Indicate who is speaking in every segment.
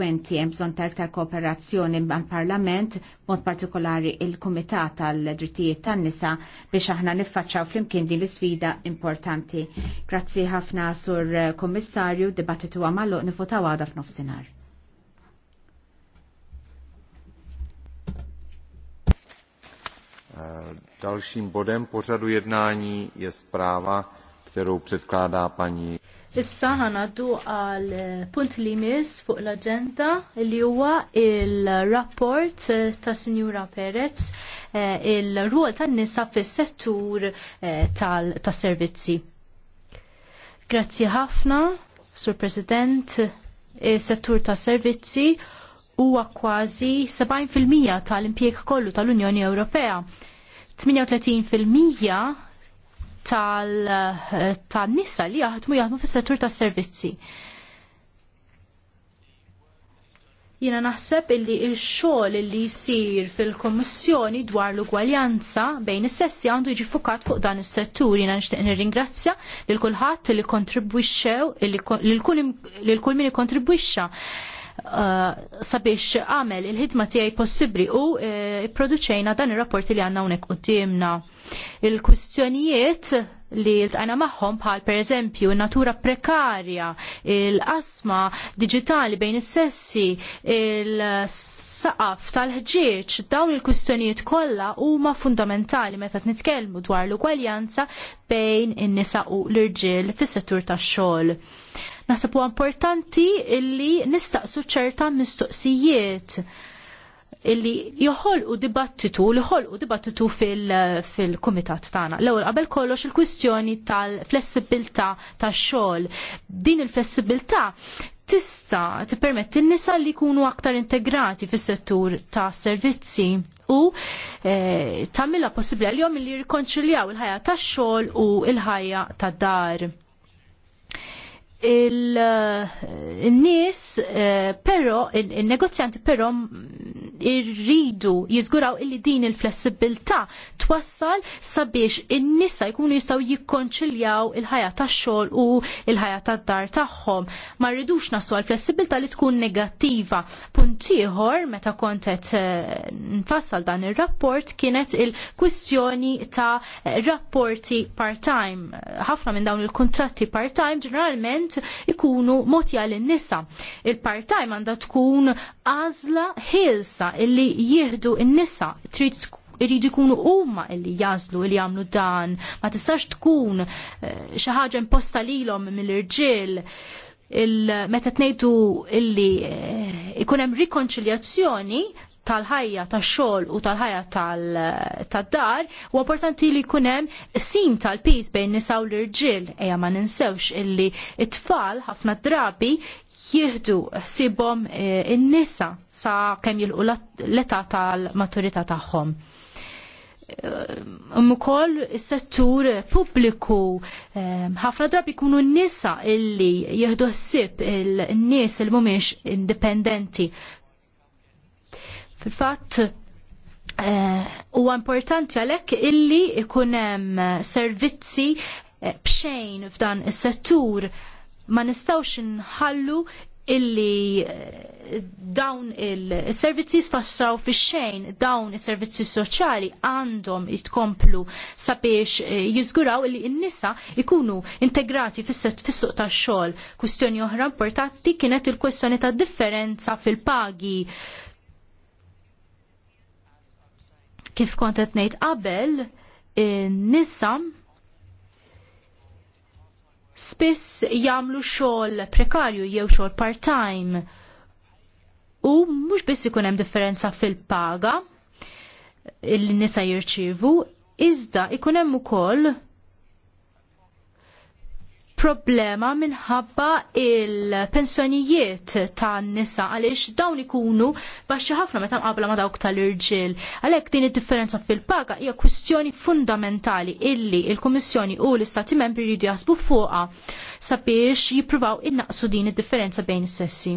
Speaker 1: konsekwenti hemm bżonn ta' iktar kooperazzjoni mal-Parlament, mod partikolari il-Kumitat tal-Drittijiet tan-Nisa biex aħna niffaċċaw flimkien din l-isfida importanti. Grazzi ħafna sur Kommissarju, dibattitu għamallu nifutaw għada f'nofsinhar. Eh, dalším bodem pořadu jednání je zpráva kterou předkládá panji.
Speaker 2: Issa ħanaddu għal punt li mis fuq l-agenda li huwa il-rapport ta' Sinjura Perez eh, il-ruol tan-nisa fis-settur eh, tas-servizzi. Grazzi ħafna, Sur President, is-settur tas-servizzi huwa kważi 70% tal-impjeg kollu tal-Unjoni Ewropea. 38% tal-nisa eh, li jaħdmu jaħdmu fis-settur tas-servizzi. Jiena naħseb illi il-xogħol li jsir fil-Kommissjoni dwar l-ugwaljanza bejn is-sessi għandu jiġi fukat fuq dan is-settur. Jiena nixtieq nirringrazzja lil kulħadd li kontribwixxew lil kull min ikkontribwixxa Uh, sabiex għamel il-ħidma tiegħi possibbli u uh, produċejna dan ir-rapporti li għandna hawnhekk qudiemna. Il-kwistjonijiet li l-tqajna maħħom bħal per eżempju natura prekarja, il-qasma digitali bejn is-sessi, il-saqaf tal-ħġieġ, dawn il-kwistjonijiet kollha huma fundamentali meta nitkellmu dwar l-ugwaljanza bejn in-nisa u l-irġiel fis-settur tax-xogħol. Naħseb huwa importanti illi nistaqsu ċerta mistoqsijiet illi joħolqu dibattitu, li u dibattitu fil-komitat fil tagħna. L-ewwel qabel kollox il-kwistjoni tal-flessibilità tax-xogħol. Din il-flessibilità tista' tippermetti n-nisa li jkunu aktar integrati fis-settur ta' servizzi u e, tagħmilha possibbli jom li rikonċiljaw il-ħajja tax-xogħol u l ħajja tad-dar il-nis, eh, eh, pero, il-negozjanti pero mm, irridu jizguraw illi din il-flessibilta twassal sabiex il-nisa jkunu jistaw jikkonċiljaw il-ħajja ta' xol u il-ħajja ta' dar tagħhom. Ma rridux nasu għal-flessibilta li tkun negattiva. Puntiħor, meta kontet eh, nfassal dan il-rapport, kienet il-kwistjoni ta' rapporti part-time. ħafna minn dawn il-kontratti part-time ġeneralment ġeneralment ikunu motja l nisa Il-part-time għandha tkun għażla ħilsa illi jieħdu n-nisa trid iridu jkunu huma illi jażlu illi jagħmlu dan, ma tistax tkun eh, xi ħaġa imposta lilhom mill-irġiel il-meta tnejdu illi eh, ikunem rikonċiljazzjoni tal-ħajja tax-xogħol u tal-ħajja tal dar u importanti li jkun hemm sim tal-pis bejn nisa u l-irġiel ejja ma ninsewx illi it-tfal ħafna drabi jieħdu ħsibhom e, in-nisa sa kemm jilqu l-età tal-maturità tagħhom. Um ukoll is-settur pubbliku e, ħafna drabi jkunu n-nisa illi jieħdu ħsieb il-nies il mhumiex indipendenti Fil-fatt, eh, huwa importanti għalhekk illi ikun hemm servizzi eh, bxejn f'dan is-settur ma nistgħux inħallu illi eh, dawn il-servizzi sfassaw fi xejn dawn il-servizzi soċjali għandhom jitkomplu sabiex jizguraw illi n-nisa ikunu integrati fis-set fis-suq tax-xogħol. Kwistjoni oħra importanti kienet il-kwestjoni ta' differenza fil-pagi kif kont qed ngħid qabel, nisa spiss jagħmlu xogħol prekarju jew xogħol part-time u mhux biss ikun hemm differenza fil-paga il-nisa jirċievu, iżda ikun hemm ukoll problema minħabba il-pensjonijiet tan nisa għaliex dawn ikunu baxxi ħafna meta qabla ma dawk tal-irġiel. Għalhekk din id-differenza fil-paga hija kwistjoni fundamentali illi il-Kummissjoni u l-Istati Membri jridu jaħsbu fuqha sabiex jippruvaw innaqsu din id-differenza bejn is-sessi.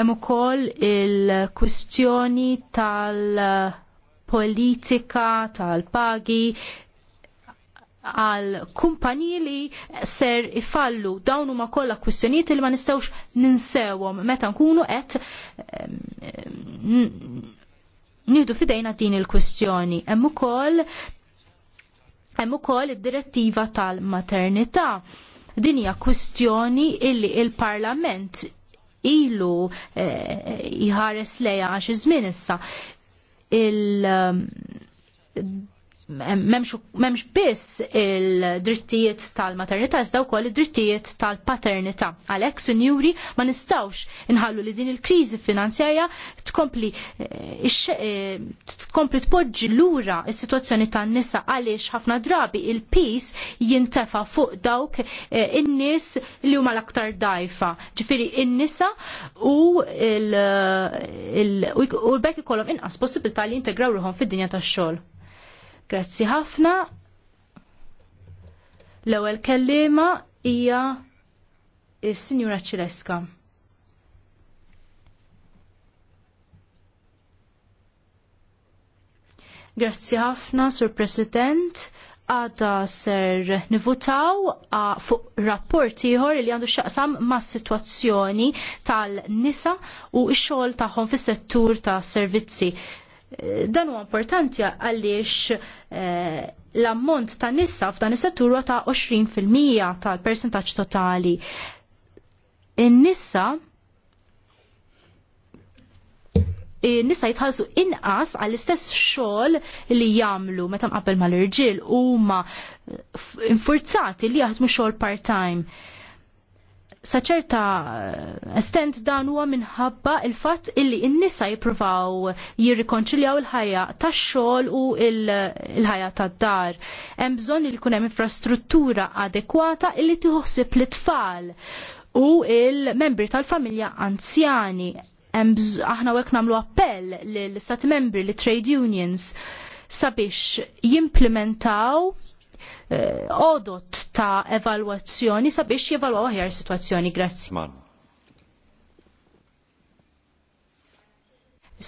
Speaker 2: Hemm ukoll il-kwistjoni tal- politika tal-pagi, għal kumpaniji li ser ifallu dawn huma kollha kwistjonijiet li ma nistgħux ninsewhom meta nkunu qed ehm, nidu fidejna din il-kwistjoni. Hemm ukoll Emmu ukoll id-direttiva tal-maternità. Din hija kwistjoni illi il-Parlament ilu jħares eh, lejha għax iż-żmien issa il- ehm, memx biss il-drittijiet tal-maternità, iżda wkoll id-drittijiet tal-paternità. Għalhekk, sinjuri, ma nistawx inħallu li din il-kriżi finanzjarja tkompli eh, eh, tkompli tpoġġi lura il sitwazzjoni tan-nisa għaliex ħafna drabi il-pis jintefa' fuq dawk eh, in-nies li huma l-aktar dajfa. Ġifieri in-nisa u l-bekk ikollhom inqas possibilità li jintegraw ruħhom fid-dinja tax-xogħol. Grazzi ħafna. L-ewwel kellima hija is-Sinjura Ċileska. Grazzi ħafna, Sur President għada ser nivutaw fuq rapport ieħor li għandu xaqsam ma' situazzjoni tal-nisa u x-xogħol tagħhom fis-settur ta' servizzi. Dan huwa importanti għaliex eh, l-ammont ta' nissa f'dan is-settur huwa ta' 20% tal-persentaġġ totali. In-nissa nisa jitħallsu inqas għall-istess xogħol li jagħmlu meta mqabbel mal-irġiel huma infurzati li jaħdmu xogħol part-time saċerta estent eh, dan huwa minħabba il-fatt illi n-nisa jippruvaw jirrikonċiljaw il-ħajja tax-xogħol u il-ħajja tad-dar. Hemm bżonn li jkun hemm infrastruttura adekwata illi tiħossib l-tfal u il-membri tal-familja anzjani. Aħna wek nagħmlu appell lill istat membri, li trade unions sabiex jimplementaw Eh, odot ta' evalwazzjoni sabiex jevalwaw aħjar situazzjoni. Grazzi.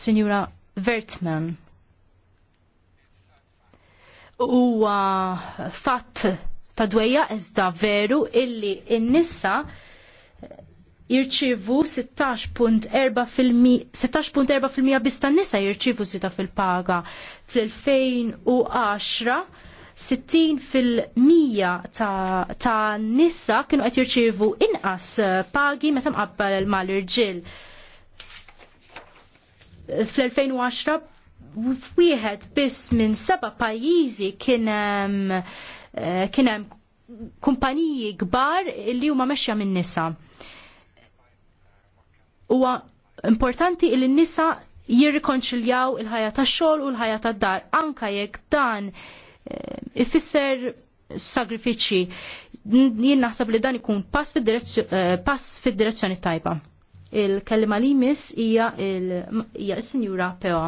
Speaker 2: Signora Vertman, huwa fatt ta' dwejja iżda veru illi n-nisa jirċivu 16.4% bista tan nisa jirċivu sita fil-paga. Fl-2010 60 fil-mija ta', ta nissa kienu qed jirċievu inqas eh, pagi meta mqabbel mal-irġiel. Fl-2010 wieħed biss minn seba' pajjiżi kien hemm eh, kumpaniji kbar li huma mexxa minn nisa. Huwa importanti li n-nisa jirrikonċiljaw il-ħajja tax-xogħol u l-ħajja tad-dar anke jekk dan Eh, ifisser sagrifiċi. Jien naħseb li dan ikun pass fid-direzzjoni eh, tajba. Il-kellima li mis hija il-sinjura Pewa.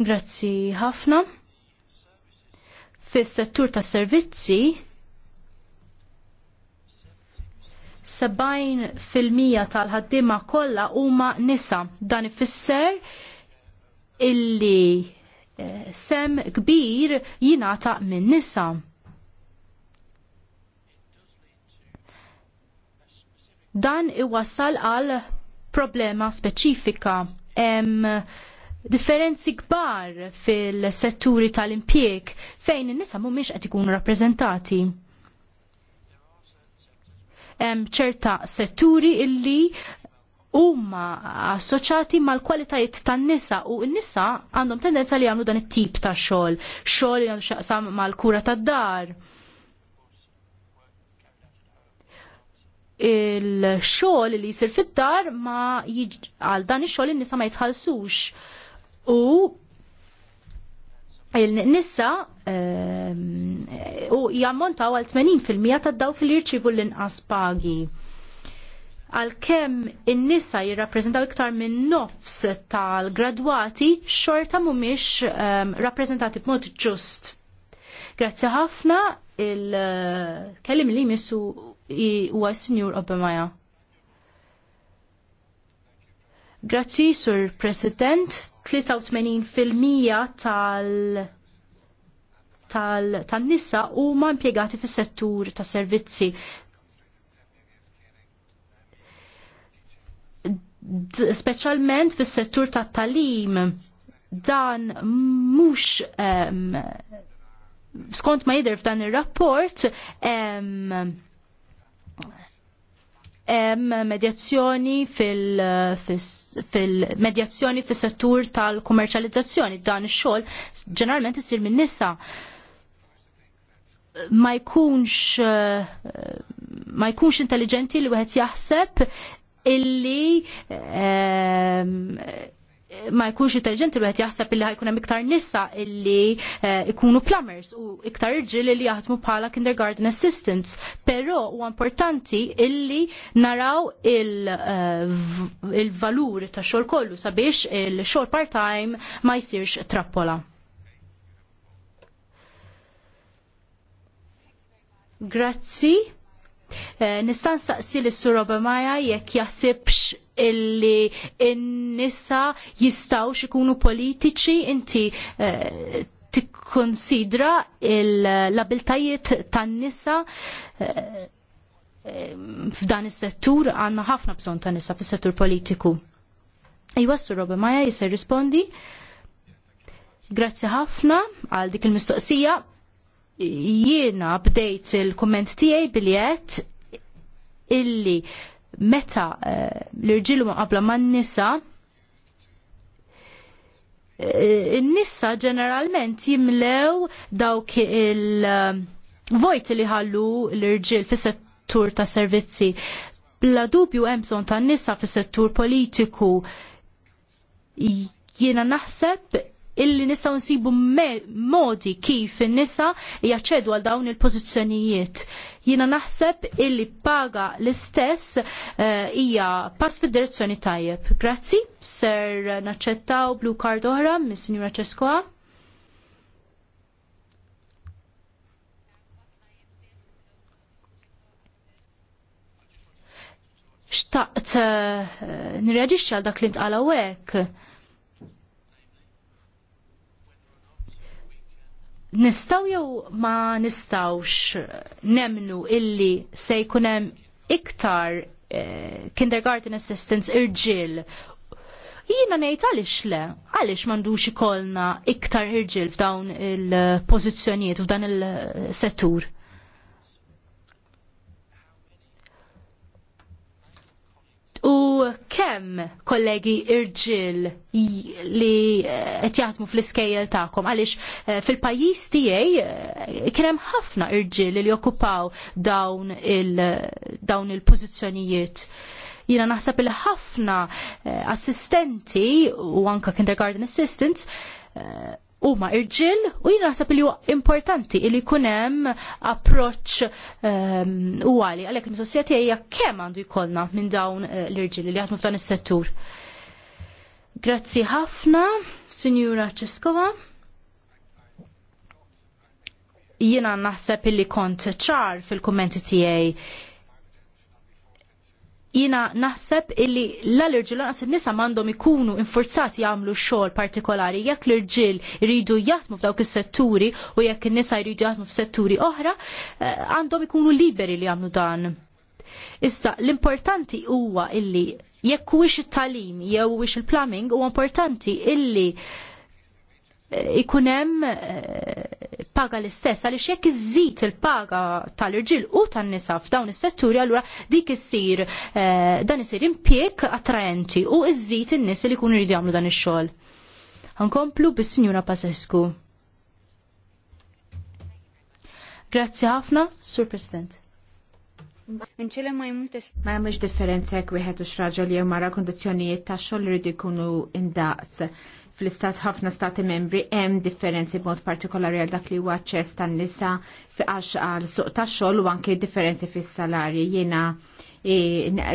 Speaker 2: Grazzi ħafna. Fis-settur tas-servizzi 70% tal-ħaddiema kollha huma nisa. Dan ifisser illi eh, sem kbir jingħata minn nisa. Dan iwassal għal problema speċifika. Hemm differenzi kbar fil-setturi tal-impjeg fejn in-nisa mhumiex qed ikunu rappreżentati ċerta setturi illi huma assoċjati mal-kwalitajiet tan-nisa u n-nisa għandhom tendenza li jagħmlu dan it-tip ta' xogħol, xogħol għandu xaqsam mal-kura tad-dar. Il-xogħol li jsir fid-dar ma għal dan ix-xogħol in-nisa ma jitħallsux. U il-nisa ehm, u jammontaw għal 80% ta' dawk li jirċivu l-inqas pagi. Għalkemm in-nisa jirrappreżentaw iktar minn nofs tal-gradwati xorta mhumiex um, rappreżentati b'mod ġust. Grazzi ħafna il-kellim li jmissu huwa għas sinjur Obamaja. Grazzi, Sur President, 83% tal- tal-nisa u huma impjegati fis-settur tas servizzi. Speċjalment fis-settur tat-talim dan mhux um, skont ma jidher f'dan ir-rapport um, hemm medjazzjoni fil-medjazzjoni fil, fis-settur tal-kummerċjalizzazzjoni dan ix-xogħol ġeneralment isir minn nisa ma jkunx eh, ma jkunx intelligenti li wieħed jaħseb illi eh, ma jkunx intelligenti li wieħed jaħseb illi ħajkun hemm iktar nisa illi eh, ikunu plumbers u iktar irġiel li jaħdmu bħala kindergarten assistants. Però huwa importanti illi naraw il-valur tax xogħol kollu sabiex il-xogħol part-time ma jsirx trappola. Grazzi. Eh, nistan saqsi s sur Maja jekk jasibx illi n-nisa jistaw x'ikunu politiċi inti eh, tikkonsidra l-abiltajiet tan-nisa eh, f'dan is-settur għandna ħafna bżonn tan nisa fis-settur politiku. Iwa S Roba Maja jisir rispondi. Grazzi ħafna għal dik il-mistoqsija jiena bdejt il-komment tiegħi biljet illi meta eh, l-irġilu ma qabla man nisa eh, n nisa ġeneralment jimlew dawk il-vojt li ħallu l-irġil fis settur ta' servizzi. Bla dubju emson ta' nisa fis settur politiku jiena naħseb illi nistgħu nsibu modi kif in-nisa jaċċedu għal dawn il-pożizzjonijiet. Jiena naħseb illi paga l-istess eh, hija uh, pass fil direzzjoni tajjeb. Grazzi, ser naċċettaw blue card oħra mis-Sinjura Ceskoa. xtaqt eh, nirreġixxa għal dak li ntqala hekk. nistaw jew ma nistawx nemnu illi se jkunem iktar uh, kindergarten assistants irġil. Jina nejt għalix le, għalix mandu xikolna iktar irġil f'dawn il-pozizjoniet, f'dan il-settur. kem kemm kollegi irġil li eh, qed jaħdmu fl-iskejjel tagħkom għaliex eh, fil-pajjiż tiegħi eh, kien hemm ħafna irġil li jokkupaw dawn il-pożizzjonijiet. Il Jiena naħseb il ħafna assistenti u anka kindergarten assistants huma irġiel u jien naħseb li huwa importanti li jkun hemm approċċ ehm, ugħali għalhekk il-mistoqsija hija kemm għandu jkollna minn dawn eh, l-irġiel li jaħdmu f'dan is-settur. Grazzi ħafna, Sinjura Ċeskova. Jiena naħseb illi kont ċar fil-kummenti tiegħi jina naħseb illi l-allerġil għas nisa mandom ikunu infurzati jagħmlu xogħol partikolari jekk l-irġil jridu jaħdmu f'dawk is-setturi u jekk in-nisa jridu jaħdmu f'setturi oħra eh, għandhom ikunu liberi li jagħmlu dan. Issa l-importanti huwa illi jekk huwiex it-talim jew huwiex il-plumbing huwa importanti illi ikunem eh, paga l-istess, għaliex jekk iżżid il-paga tal-irġil u tan-nisa f'dawn is-setturi, allura dik issir eh, dan isir impjek attraenti u iżżid in-nies li jkunu jridu jagħmlu dan ix-xogħol. Nkomplu bis-Sinjura Pasescu. Grazzi ħafna, Sur President.
Speaker 1: Nċele ma jmutes. Ma jmux differenza jek wieħed u xraġel jew mara kondizjonijiet ta' xogħol rridu jkunu indaqs fl-istat ħafna stati membri hemm differenzi b'mod partikolari għal dak li huwa aċċess tan-nisa fiqax għal suq tax-xogħol u anke differenzi fis-salarji. Jiena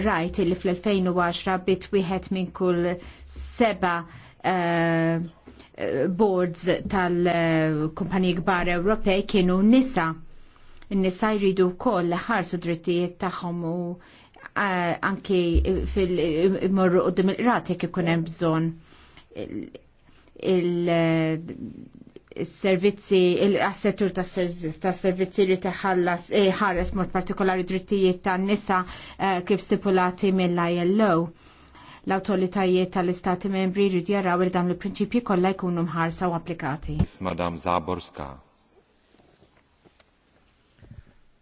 Speaker 1: rajt li fl-2010 bit wieħed minn kull seba eh, eh, boards tal-kumpaniji eh, kbar Ewropej kienu nisa. Nisa jridu wkoll ħarsu drittijiet tagħhom u anke fil-morru qudiem il-rati kif hemm bżonn il-servizzi, il-assettur ta' servizzi li teħallas eh, ħares mod partikolari drittijiet ta' nisa eh, kif stipulati mill-ILO. L-autoritajiet tal-istati membri rridu jaraw il dam il-prinċipji kollha jkunu mħarsa u applikati. Madam Zaborska.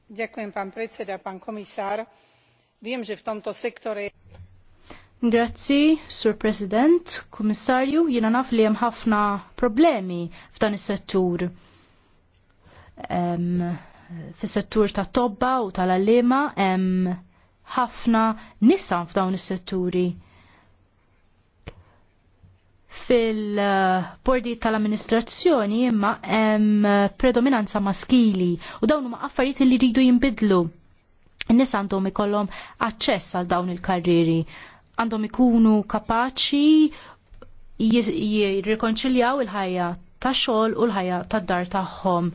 Speaker 1: Dziękuję pan prezydent, pan komisar. Wiem, że w tomto sektorze
Speaker 2: Grazzi, Sur President, Kummissarju, jina naf li hemm ħafna problemi f'dan is-settur. Fis-settur ta' tobba u tal allema hemm ħafna nisa f'dawn is-setturi. Fil-bordi tal-amministrazzjoni imma hemm predominanza maskili u dawn huma affarijiet li jridu jinbidlu. In-nisa għandhom ikollhom aċċess għal dawn il-karriri għandhom ikunu kapaċi jirrikonċiljaw il-ħajja tax xogħol u l-ħajja tad-dar tagħhom.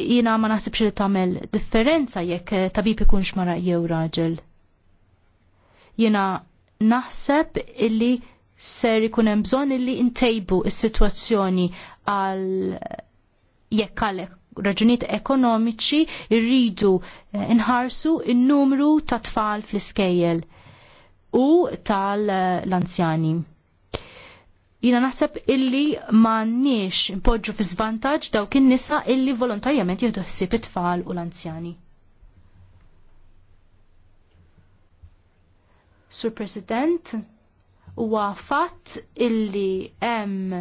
Speaker 2: Jiena ma naħsibx li tagħmel differenza jekk tabib ikunx mara jew raġel. Jiena naħseb illi ser ikun hemm bżonn illi ntejbu is sitwazzjoni għal jekk għalhekk raġunijiet ekonomiċi rridu eh, nħarsu il-numru ta' tfal fl-iskejjel u tal-anzjani. Jina naħseb illi ma nix impoġġu fi zvantaġġ dawk in-nisa illi volontarjament jieħdu ħsieb it-tfal u l-anzjani. Sur President, huwa fatt illi hemm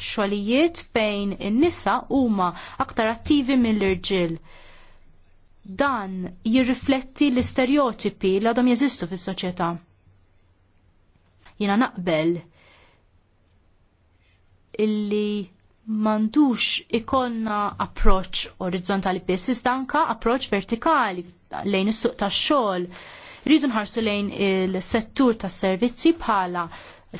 Speaker 2: xogħlijiet bejn in-nisa huma aktar attivi mill-irġiel. Dan jirrifletti l-istereotipi li għadhom jeżistu fis-soċjetà. Jiena naqbel illi mandux ikollna approċ orizzontali biss, iżda anka approċ vertikali lejn is-suq tax-xogħol. Rridu nħarsu lejn il-settur tas-servizzi bħala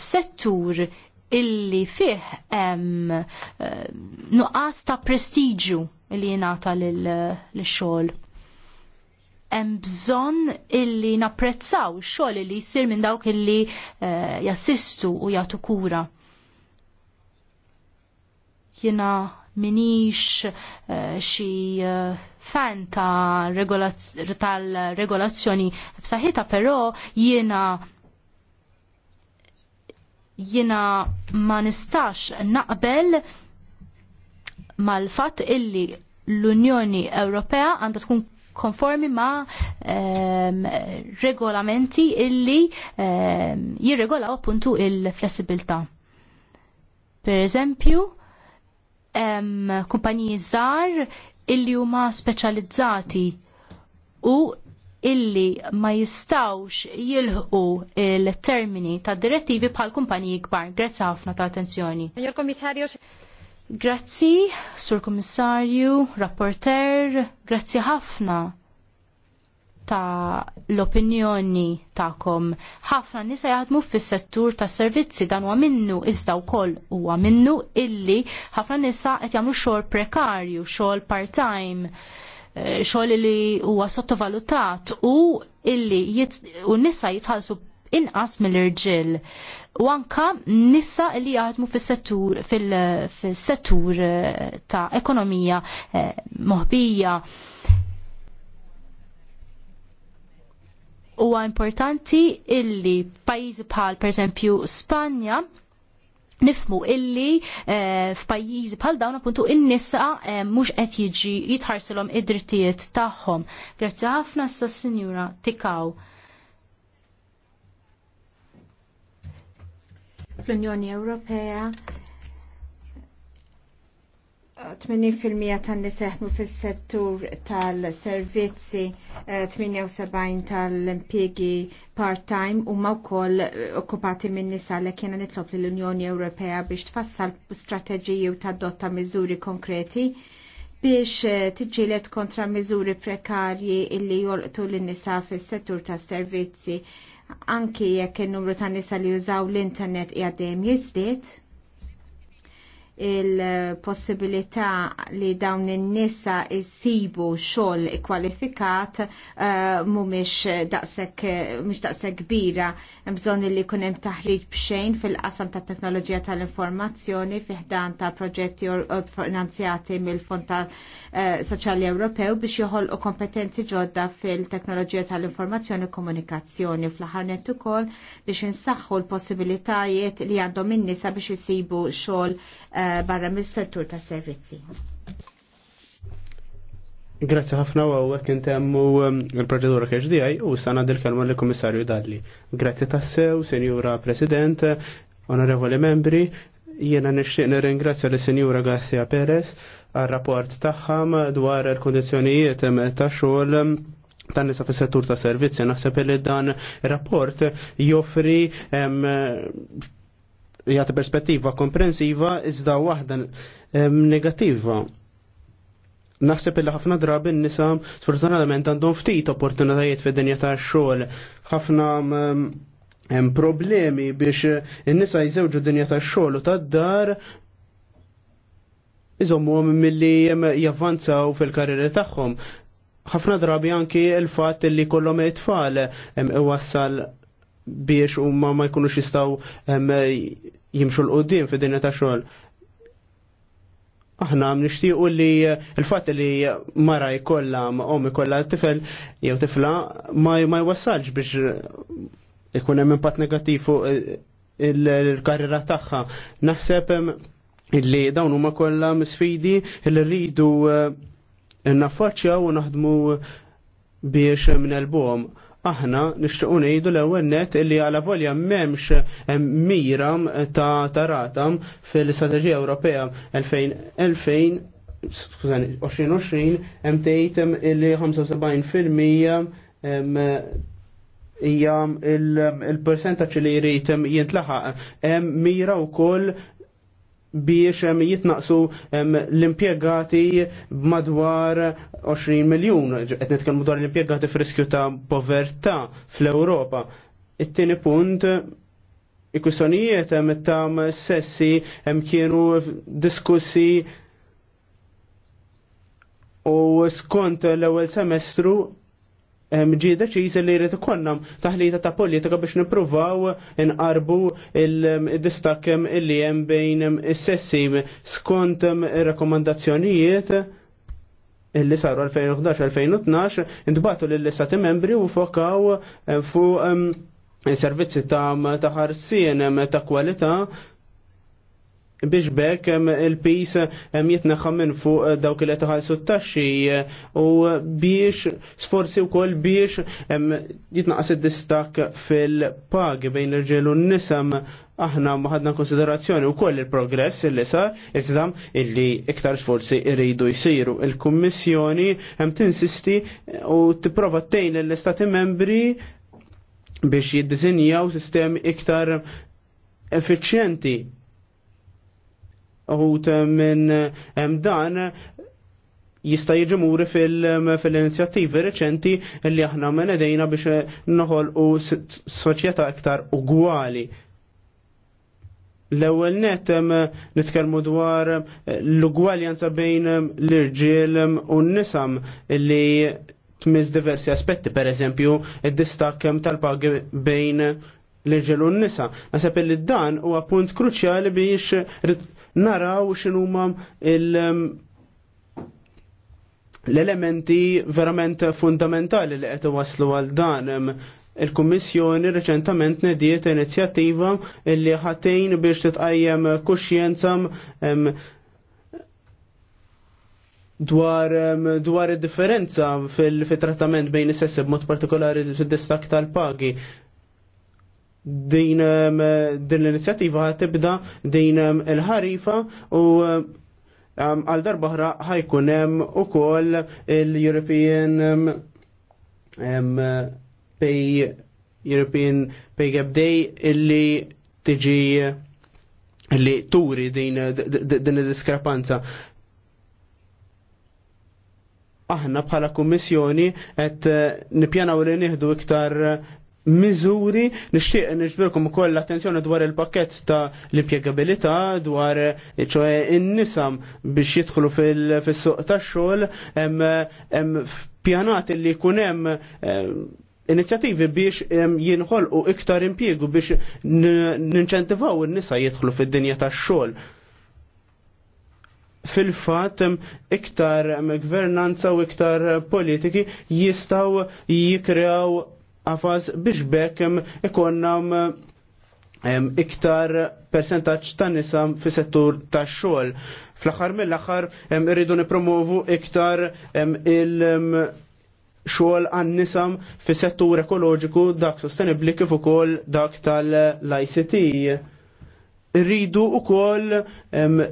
Speaker 2: settur illi fih hemm eh, nuqqas ta' prestiġju li jingħata lil-xogħol hemm bżonn illi napprezzaw ix-xogħol illi jsir minn dawk illi uh, jassistu u jagħtu kura. Jiena minix eh, xi uh, fan ta' tal-regolazzjoni f'saħħitha però jiena jina ma nistax naqbel mal-fat illi l-Unjoni Ewropea għandha tkun konformi ma um, regolamenti illi um, jirregolaw appuntu il-flessibilità. Per eżempju, um, kumpaniji żgħar illi huma speċjalizzati u illi ma jistawx jilħu il-termini ta' direttivi bħal kumpaniji kbar. Grazzi ħafna ta' attenzjoni. Grazzi, Sur Komissarju, Rapporter, grazzi ħafna ta' l-opinjoni ta'kom. ħafna nisa jaħdmu fis-settur ta' servizzi dan huwa minnu iżda wkoll huwa minnu illi ħafna nisa qed jagħmlu xogħol prekarju, xogħol part-time xogħol li huwa sottovalutat u illi u nisa jitħallsu inqas mill-irġiel u anka nissa li jaħdmu fil-settur fil-settur eh, ta' ekonomija eh, moħbija. Huwa importanti illi pajjiżi bħal pereżempju Spanja nifmu illi eh, f'pajjiżi bħal dawn appuntu in-nisa eh, mhux qed jiġi jitħarsilhom id-drittijiet tagħhom. Grazzi ħafna sa sinjura Tikaw.
Speaker 1: Fl-Unjoni Ewropea 80% tan-nies fis-settur tal-servizzi, 78 eh, tal-impjiegi part-time huma wkoll okkupati minn nisa li kiena nitlob lill unjoni Ewropea biex tfassal strateġiji u tadotta miżuri konkreti biex eh, tiġġieled kontra miżuri prekarji illi jolqtu lin-nisa fis-settur tas-servizzi anki jekk in-numru tan nisa li jużaw l-internet qiegħdejjem jiżdied il-possibilità li dawn in-nisa jsibu xogħol kwalifikat eh, mhumiex daqshekk mhux daqshekk kbira hemm bżonn li jkun hemm taħriġ b'xejn fil-qasam tat-teknoloġija tal-informazzjoni fi ħdan ta' proġetti finanzjati mill-Fond ta' eh, Soċjali Ewropew biex joħolqu kompetenzi ġodda fil-teknoloġija tal-informazzjoni u komunikazzjoni fl-aħħar nett ukoll biex insaħħu l-possibilitajiet li għandhom in-nisa biex isibu xogħol uh, barra mis-settur ta' servizzi.
Speaker 3: Grazie ħafna u għek intemmu um, il-proċedura KHDI u sana dil-kelma l-Komissarju Dalli. Grazie tassew, Senjura President, Onorevoli Membri, jiena nixtieq nirringrazzja l senjura Garcia Perez għal-rapport tagħhom dwar il-kondizzjonijiet ta' xogħol tan nisa fis settur ta' servizzi naħseb li dan rapport joffri jgħat perspettiva komprensiva iżda waħda negattiva. Naħseb illa ħafna drabi n-nisa sfortunatament għandhom ftit opportunitajiet fid-dinja ta' xogħol. Ħafna hemm problemi biex in-nisa jżewġu dinja ta' xogħol u tad-dar iżommu mill-li javvanzaw fil-karrieri tagħhom. ħafna drabi anki l-fatt li kollhom it-tfal wassal biex u ma ma jkunux jistaw jimxu l-qoddim fi dinja ta' xogħol. Aħna nixtiequ li eh, l-fatt li mara jkollha omi kollha tifel jew tifla ma ma jwassalx biex ikun hemm impatt negattiv fuq eh, il-karriera tagħha. Naħseb illi dawn huma kollha misfidi li rridu eh, naffaċċjaw u naħdmu biex minn minelbuhom aħna nixtiequ ngħidu l-ewwel net illi għala volja m'hemmx eh, miram eh, ta' taratam fil-Istrateġija Ewropea 2000 skużani 2020 hemm tgħid illi 75% fil hija il-persentaċ li jrid jintlaħaq hemm mira wkoll biex jitnaqsu l-impiegati madwar 20 miljon. Qed nitkellmu dwar l-impiegati friskju ta' povertà fl-Ewropa. It-tieni punt il-kwistjonijiet ta' sessi kienu diskussi u skont l-ewwel semestru ġie deċiż li jrid ikollna taħlita ta' politika biex nippruvaw inqarbu il-distak li hemm bejn is-sessi skont rakkomandazzjonijiet illi saru 2011-2012 intbatu lill-istati membri u fokaw fuq servizzi ta' ħarsien ta' kwalità biex bekk il-pis jitneħħa minn fuq eh, dawk li taħalsu t-taxxi eh, u biex sforzi wkoll biex jitnaqas id-distak fil-pagi bejn l-irġiel u n-nisem aħna maħadna konsiderazzjoni u koll il-progress illi sar iżdam illi iktar sforzi irridu jisiru. Il-Kummissjoni hemm tinsisti eh, u tipprova tejn l-Istati membri biex jiddizinjaw sistemi iktar effiċjenti uħut minn dan jista' jiġi muri fil-inizjattivi reċenti li aħna minn biex biex noħolqu soċjetà iktar ugwali. L-ewwel net nitkellmu dwar l-ugwaljanza bejn l-irġiel u n-nisam li tmiss diversi aspetti, per eżempju, id distakk tal-pagi bejn l-irġiel u n-nisa. Nasab li dan huwa punt kruċjali biex naraw x'inhuma il- um, l-elementi verament fundamentali li qed waslu għal dan. Um, Il-Kummissjoni reċentament nediet inizjattiva li ħatejn biex titqajjem kuxjenza um, dwar, dwar id-differenza fil-trattament bejn is-sessi b'mod partikolari fid-distak tal-pagi din, um, din l-inizjattiva tibda din um, il-ħarifa u um, għal darbaħra ħajkun hemm ukoll il-European pay European Pay Gap Day illi tiġi illi turi din din diskrepanza aħna bħala kummissjoni qed nippjanaw li nieħdu iktar miżuri nixtieq nixbirkom ukoll l-attenzjoni dwar il-pakket ta' l-impjegabilità dwar ċoe in-nisam biex jidħlu fis-suq tax-xogħol hemm pjanat li jkun hemm eh, inizjattivi biex jinħolqu iktar impiegu biex ninċentivaw in-nisa jidħlu fid-dinja tax-xogħol fil-fat iktar gvernanza u iktar eh, politiki jistaw jikrew għafaz biex bekk ikonnam iktar percentaċ ta' nisam fi settur ta' xol. Fl-axar mill-axar irridu nipromovu iktar il- xol għan nisam fi settur ekoloġiku dak sostenibli kif ukoll dak tal-ICT rridu u koll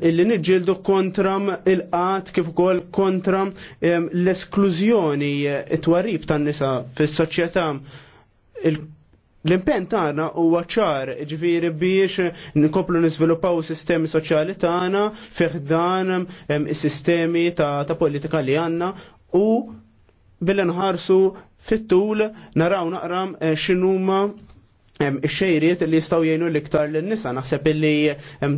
Speaker 3: illi nġildu kontra il-qat kif u koll kontra l-esklużjoni e, it-twarib tan nisa fis soċjetà L-impen tagħna huwa ċar, ġifieri biex nkoplu niżviluppaw sistemi soċjali tagħna fih dan is-sistemi ta' politika li għandna u bil nħarsu fit-tul naraw naqram x'inhuma xejriet li jistaw jgħinu l-iktar l-nisa. Naħseb li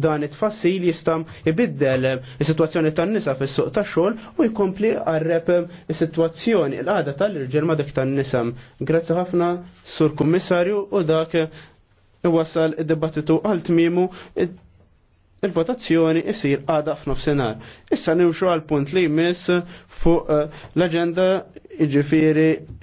Speaker 3: dan it-fassil jistam ibiddel il-situazzjoni tan-nisa fis-suq tax-xogħol u jkompli għarrep il-situazzjoni l-għada tal irġiel ma dik tan-nisa. Grazzi ħafna sur kummissarju u dak iwasal id-dibattitu għal tmimu il-votazzjoni isir għada f'nofsenar. Issa nimxu għal punt li jmiss fuq eh, l-agenda iġifiri